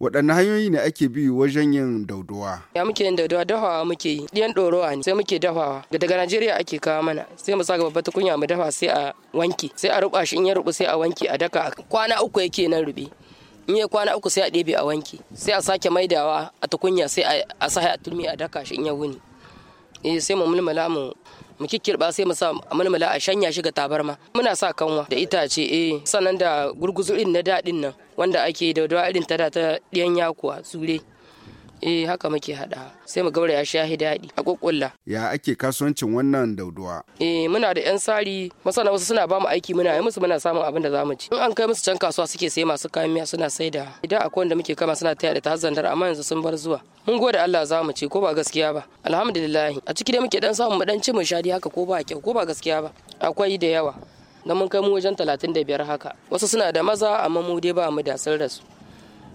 waɗanne hanyoyi ne ake bi wajen yin dauduwa? ya muke yin dauduwa, dafawa muke yi ɗiyan ɗorowa ne sai muke dafawa daga najeriya ake kawo mana sai mu saka babbar tukunya mu dafa sai a wanki sai a ruba shi in ya rubu sai a wanki a daka kwana uku yake nan rube in ya kwana uku sai a ɗebe a wanki sai a sake maidawa a tukunya sai a sahi a turmi a daka shi in ya wuni eh, sai mu mulmula mu mu kikkirba sai mu sa mulmula a shanya shi ga tabarma muna sa kanwa da itace eh sannan da gurguzu na daɗin nan wanda ake da dawa irin ta da ta diyan yakuwa zure eh haka muke hada sai mu ya sha daɗi a kokolla ya ake kasuwancin wannan dauduwa eh muna da yan sari masana wasu suna mu aiki muna yi musu muna samun abin da mu ci in an kai musu can kasuwa suke sai masu kayan miya suna saida idan akwai wanda muke kama suna taya da tahazzandar amma yanzu sun bar zuwa mun gode Allah za mu ci ko ba gaskiya ba alhamdulillah a ciki dai muke dan samu mu dan ci mu shadi haka ko ba kyau ko ba gaskiya ba akwai da yawa na mun kai mu wajen talatin da biyar haka wasu suna da maza amma mu dai ba mu da sun rasu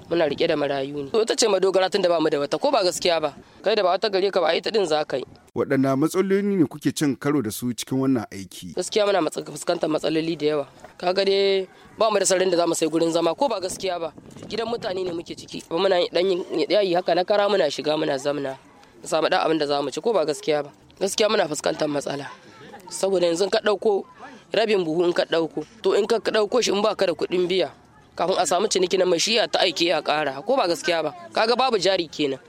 muna rike da marayu ne Wata ce madogara tun da ba mu da wata ko ba gaskiya ba kai da ba wata gare ka ba a yi ta din za ka yi waɗanne matsaloli ne kuke cin karo da su cikin wannan aiki gaskiya muna fuskantar matsaloli da yawa kaga dai ba mu da sarrin da za mu sai gurin zama ko ba gaskiya ba gidan mutane ne muke ciki ba muna dan yayi haka na kara muna shiga muna zamna mu samu da abin da za mu ci ko ba gaskiya ba gaskiya muna fuskantar matsala saboda yanzu ka ɗauko rabin buhu in ka ɗauko to in ka ɗauko shi in ba ka da kuɗin biya kafin a samu ciniki na mashiya ta aike ya kara ko ba gaskiya ba kaga babu jari kenan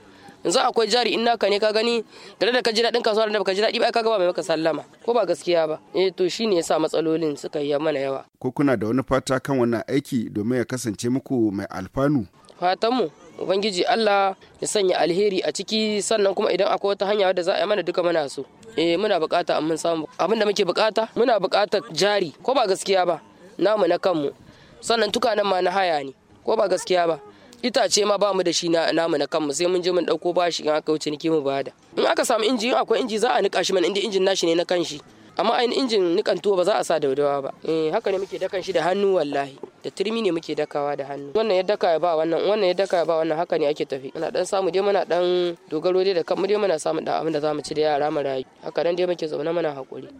yanzu akwai jari in naka ne ka gani da da ka ji daɗin kasuwa da ka ji daɗi ba kaga ba mai maka sallama ko ba gaskiya ba eh to shine yasa matsalolin suka yi mana yawa ko kuna da wani fata kan wannan aiki domin ya kasance muku mai alfanu fatanmu ubangiji Allah ya sanya alheri a ciki sannan kuma idan akwai wata hanya da za a yi mana duka muna so eh muna bukata mun samu abin da muke bukata muna bukatar jari ko ba gaskiya ba namu na kanmu sannan nan ma na haya ne ko ba gaskiya ba itace ma ba mu da shi namu na kanmu sai mun je mun dauko bashi in aka wuce niki mu bada in aka samu inji in akwai inji za a nika shi man inda injin nashi ne na kanshi amma ainihin injin nikan tuwo ba za a sa daudawa ba eh haka ne muke dakan shi da hannu wallahi da turmi ne muke dakawa da hannu wannan ya daka ya ba wannan wannan ya daka ya ba wannan haka ne ake tafi muna dan samu dai muna dan dogaro dai da kanmu dai muna samu da abin da zamu ci da yara mu rayu haka dan dai muke zaune muna hakuri